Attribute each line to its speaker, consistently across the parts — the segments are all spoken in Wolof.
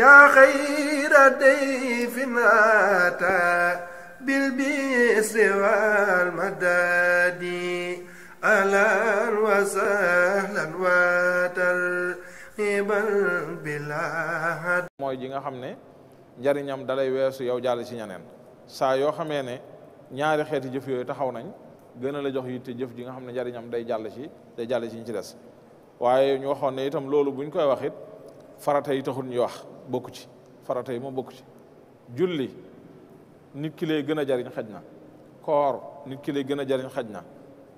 Speaker 1: ya xayra dayfin ataa bil bisri wal madadi wa sahlan wa tarhiban bilaa mooy ji nga xam ne njariñam dalay weesu yow jàll ci ñaneen saa yoo xamee ne ñaari xeeti jëf yooyu taxaw nañ gën a la jox yitte jëf ji nga xam ne njariñam day jàll ci day jàll ci ñu ci des waaye ñu waxoon ne itam loolu buñ koy waxit farata yi taxul ñuy wax bokku ci farata yi moom bokku ci julli nit ki lay gën a jariñ xaj na koor nit ki lay gën a jariñ xaj na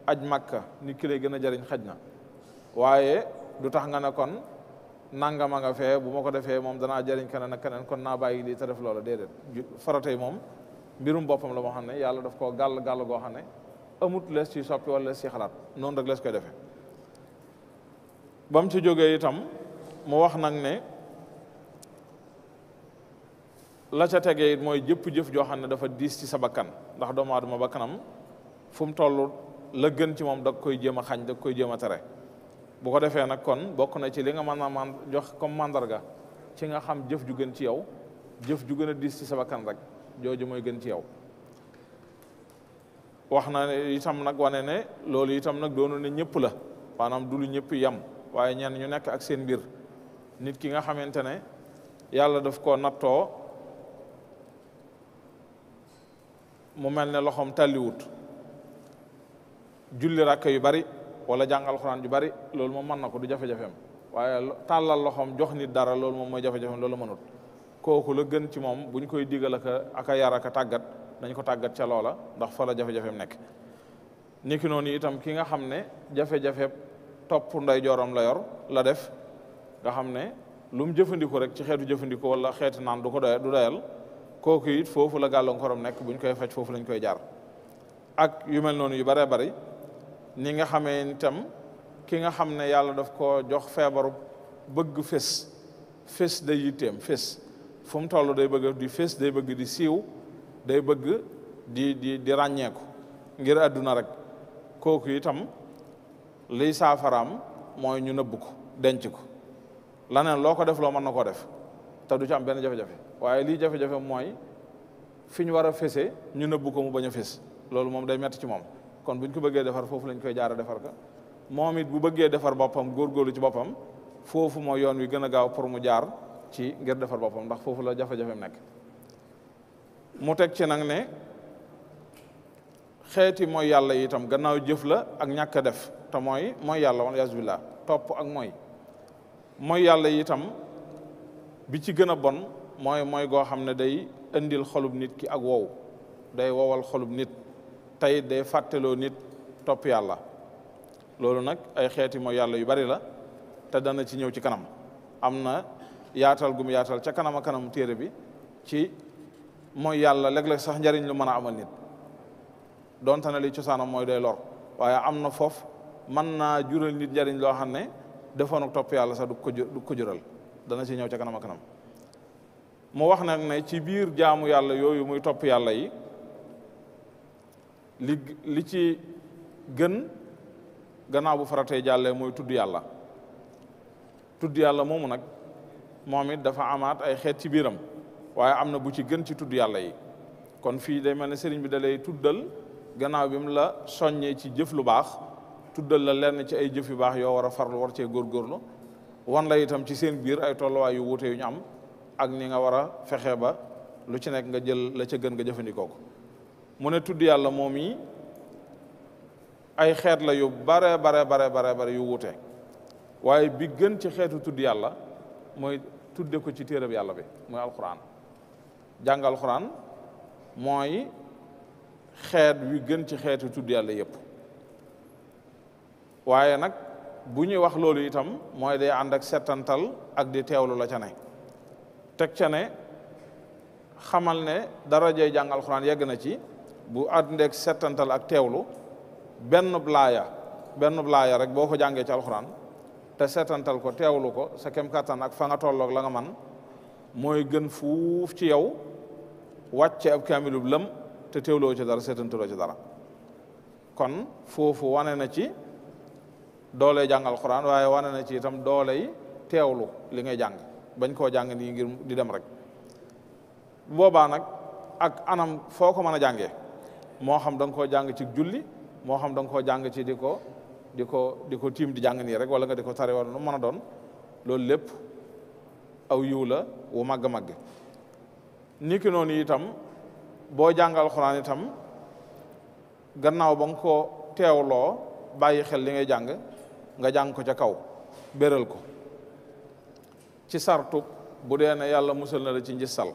Speaker 1: aj makka nit ki lay gën a jariñ xaj na waaye du tax nga ne kon nangama nga fee bu ma ko defee moom danaa jariñ keneen ak keneen kon naa bàyyi di te ref loola déedéet farata yi moom mbirum boppam la moo xam ne yàlla def koo gàll gàll goo xam ne amut lees ci soppi wala lees ci xalaat noonu rek lees koy defee ba mu ci jógee mu wax nag ne la ca tegee mooy jëpp-jëf joo xam ne dafa diis ci sa bakkan ndax doomu aadama bakkanam fu mu toll la gën ci moom da koy jéem a xañ da koy jëm a tere bu ko defee nag kon bokk na ci li nga mën a jox comme mandarga ci nga xam jëf ju gën ci yow jëf ju gën a diis ci sa bakkan rek jooju mooy gën ci yow wax na itam nag wane ne loolu itam nag doonu ne ñëpp la maanaam du ñëpp yam waaye ñenn ñu nekk ak seen mbir nit ki nga xamante ne yàlla def ko nattoo mu mel ne loxoom tàlliwut julli rakk yu bari wala jàngal xuraan yu bari loolu moom mën na ko du jafe-jafeem waaye tàllal loxoom jox nit dara lool moom mooy jafe-jafeem loolu mënut kooku la gën ci moom bu koy digal ak ak a yar ak tàggat nañ ko tàggat ca loola ndax fa la jafe-jafeem nekk niki noonu itam ki nga xam ne jafe-jafe topp nday jooram la yor la def nga xam ne lu mu jëfandiku rek ci xeetu jëfandiku wala xeeti naan du doyal du doyal kooku it foofu la gàllankooram nekk buñ koy faj foofu lañ koy jaar ak yu mel noonu yu baree bari ni nga xamee itam ki nga xam ne yàlla daf ko jox feebaru bëgg fés fés day yitteem fés fu mu toll day bëgg di fés day bëgg di siiw day bëgg di di di ràññeeku ngir àdduna rek kooku itam liy saafaraam mooy ñu nëbb ko denc ko laneen loo ko def loo mën na koo def te du ci am benn jafe-jafe waaye lii jafe-jafe mooy fi ñu war a fese ñu nëbbu ko mu bañ fes loolu moom day metti ci moom kon buñ ñu ko bëggee defar foofu lañ koy jaara defar ka moom it bu bëggee defar boppam góorgóorlu ci boppam foofu mooy yoon wi gën a gaaw pour mu jaar ci ngir defar boppam ndax foofu la jafe-jafem nekk mu teg ci nag ne xeeti mooy yàlla itam gannaaw jëf la ak ñàkk def te mooy mooy yàlla wan topp ak mooy mooy yàlla yitam bi ci gën a bon mooy mooy goo xam ne day indil xolub nit ki ak wow day wowal xolub nit tey day fàttaloo nit topp yàlla loolu nag ay xeeti mooy yàlla yu bari la te dana ci ñëw ci kanam am na yaatal gum yaatal ca kanam a kanam téere bi ci mooy yàlla léeg-léeg sax njariñ lu mën a amal nit donte na li cosaanam mooy day lor waaye am na foofu mën naa jural nit njariñ loo xam ne defoon ak topp yàlla sax du ko ko jural dana ci ñëw ca kanam kanam mu wax nag ne ci biir jaamu yàlla yooyu muy topp yàlla yi li ci gën gannaaw bu faratee jàllee mooy tudd yàlla tudd yàlla moomu nag moom it dafa amaat ay xeet ci biiram waaye am na bu ci gën ci tudd yàlla yi kon fii day mel ne sëriñ bi da lay tuddal gannaaw bi mu la soññee ci jëf lu baax tuddal la lenn ci ay jëf yu baax yoo war a farlu war cee góorgóorlu wan la itam ci seen biir ay tolluwaay yu wute yu ñu am ak ni nga war a fexe ba lu ci nekk nga jël la ca gën nga jëfandikoo ko mu ne tudd yàlla moom yi ay xeet la yu bare bare bare bare bare yu wuute waaye bi gën ci xeetu tudd yàlla mooy tudde ko ci téereb yàlla bi mooy alquran jàng alquran mooy xeet wi gën ci xeetu tudd yàlla yépp waaye nag bu ñuy wax loolu itam mooy day ànd ak settantal ak di teewlu la ca ne teg ca ne xamal ne darajey jàng alxuraan yegg na ci bu ànd ak ak teewlu benn laaya benn blaaya rek boo ko jàngee ci alxuraan te seetantal ko teewlu ko sa kem kattan ak fa nga tolloog la nga man mooy gën fuuf ci yow wàcce ab kaamilub lëm te teewloo ci dara seetantaloo ci dara kon foofu wane na ci doole jàng alquran waaye wane na ci itam doole yi teewlu li ngay jàng bañ koo jàng nii ngir di dem rek boobaa nag ak anam foo ko mën a moo xam da ko koo jàng ci julli moo xam da koo jàng ci di ko di ko di ko tiim di jàng nii rek wala nga di ko tari wala nu mën doon loolu lépp aw la wu màgg màgg ni itam boo jàng alxuraan itam gannaaw ba nga koo teewloo bàyyi xel li ngay jàng nga jàng ko ca kaw béral ko ci sartu bu dee na yàlla musal na la ci sal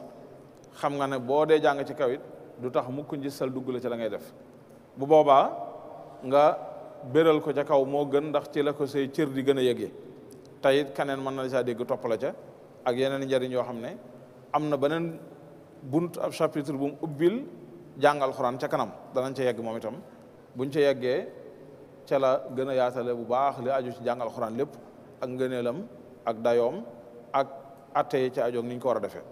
Speaker 1: xam nga ne boo dee jàng ci kaw it du tax mukk sal dugg la ci la ngay def bu boobaa nga béral ko ca kaw moo gën ndax ci la ko say cër di gën a yëgee tayit kaneen mën na saa dégg topp la ca ak yeneen njariñ yoo xam ne am na beneen bunt ab chapitre bu mu ubbil jàngal xuraan ca kanam danañ ca yegg moom itam buñ ca yeggee ca gën a yaasale bu baax li aju ci jàngal lépp ak ngëneelam ak dayoom ak atte ci ajoog ni ko war a defee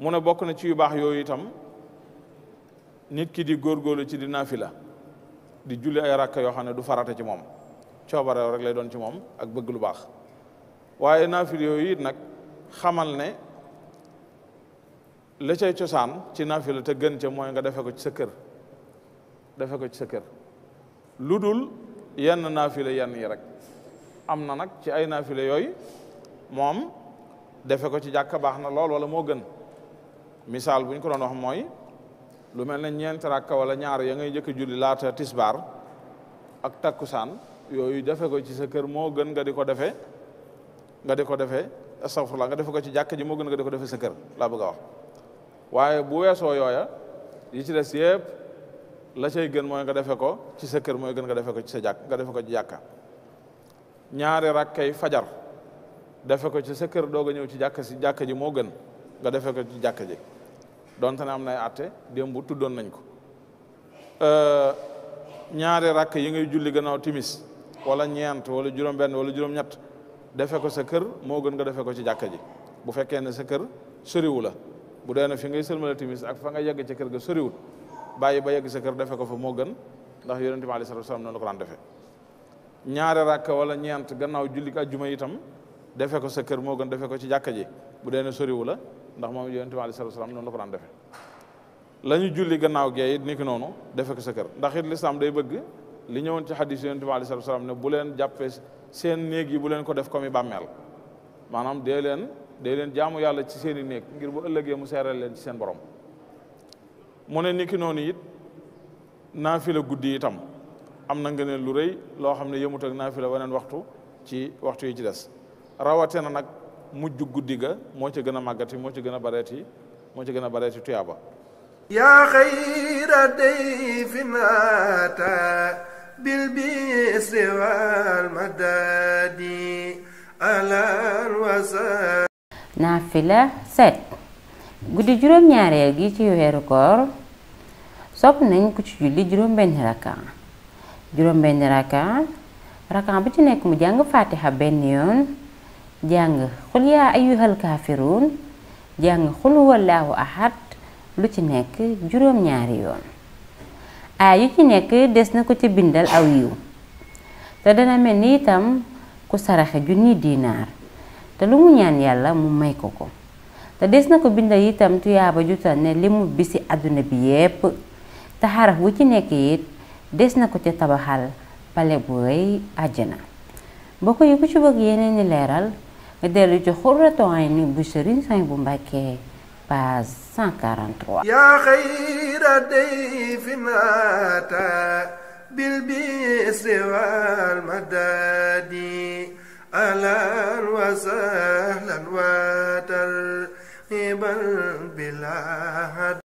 Speaker 1: mu bokk na ci yu baax yooyu itam nit ki di góorgóorlu ci di naafila di julli ay rakk yoo xam ne du farate ci moom coobare rek lay doon ci moom ak bëgg lu baax waaye naafil yooyu it nag xamal ne la cay cosaan ci naafila te gën ca mooy nga defe ko ci sa kër defe ko ci sa kër lu dul yenn naafile yenn yi rek am na nag ci ay naafila yooyu moom defe ko ci jàkka baax na lool wala moo gën misaal buñ ko doon wax mooy lu mel ne ñeent rakka wala ñaar ya ngay jëkk julli laata tisbaar ak takkusaan yooyu defe ko ci sa kër moo gën nga di ko defee nga di ko defee astafurlah nga defe ko ci jàkk ji moo gën nga di defee sa kër laa bëgg a bu weesoo yooya yi ci des yëpp la gën mooy nga defe ko ci sa kër mooy gën nga defe ko ci sa jàkk nga defe ko ci jàkka ñaari rakkay fajar defee ko ci sa kër doog ñëw ci jàkk si jàkk ji moo gën nga defe ko ci jàkk ji donte ne am na ay atte démb tuddoon nañ ko euh, ñaari rakk yi ngay julli gannaaw timis wala ñeent wala juróom-benn wala juróom-ñett defe ko sa kër moo gën nga defe ko ci jàkka ji bu fekkee ne sa kër soriwu la bu dee ne fi ngay sëlmale timis ak fa nga yegg ci kër ga soriwut bàyyi ba yegg sa kër defe ko fa moo gën ndax yonente bi aleyhi salaatu wasalaam noonu la ko daan defee ñaari rakk wala ñeent gannaaw julli ajjuma itam defe ko sa kër moo gën defe ko ci jàkka ji bu dee ne soriwu la ndax moom yonent bi aleyhi salaatu wa salaam noonu la ko la ñu julli gannaaw gee it ni noonu defe ko sa ndax it lislaam day bëgg li ñëwoon ci xadis yonent bi aleyhi salaatu wa salaam ne bu leen jàppee seen néeg bu leen ko def comme bàmmeel maanaam dee leen dee leen jaamu yàlla ci seeni néeg ngir bu ëllëgee mu seeral leen ci seen borom mu ne ni ki noonu it naafila guddi itam am na ngëneel lu rëy loo xam ne yëmut naa naafila waneen waxtu ci waxtu yi ci des rawatina nag mujj guddi ga moo ci gën a màggati moo ci gën a bareeti moo ci gën a bareeti tuyaaba yaa xayra dayfin ata bil bisri wal madadi alal wasa naafila set guddi juróom-ñaareel gi ci weeru koor sopp nañ ku ci julli juróom-benn rakan juróom-benn rakan rakan bu ci nekk mu jàng fatiha benn yoon jàng xul yaa ayuhal kaafiruun jàng xul huwallaahu ahad lu ci nekk juróom-ñaari yoon aay yu ci nekk des na ko ci bindal aw yiw te dana mel ni itam ku saraxe ju junni dinaar te lu mu ñaan yàlla mu may ko ko te des na ko bindal itam tuyaaba jutal ne li mu bisi àdduna bi yépp te xaraf wu ci nekk it des na ko ci tabaxal pale bu rëy àjjana yi ku ci bëgg yeneen leeral dellu ci xurratu ayni bu sëriñ sañ bu mbàkkee page 143 yaa xayra day finaata bil bisri wal madadi alan wa sahlan wa tarhiban bila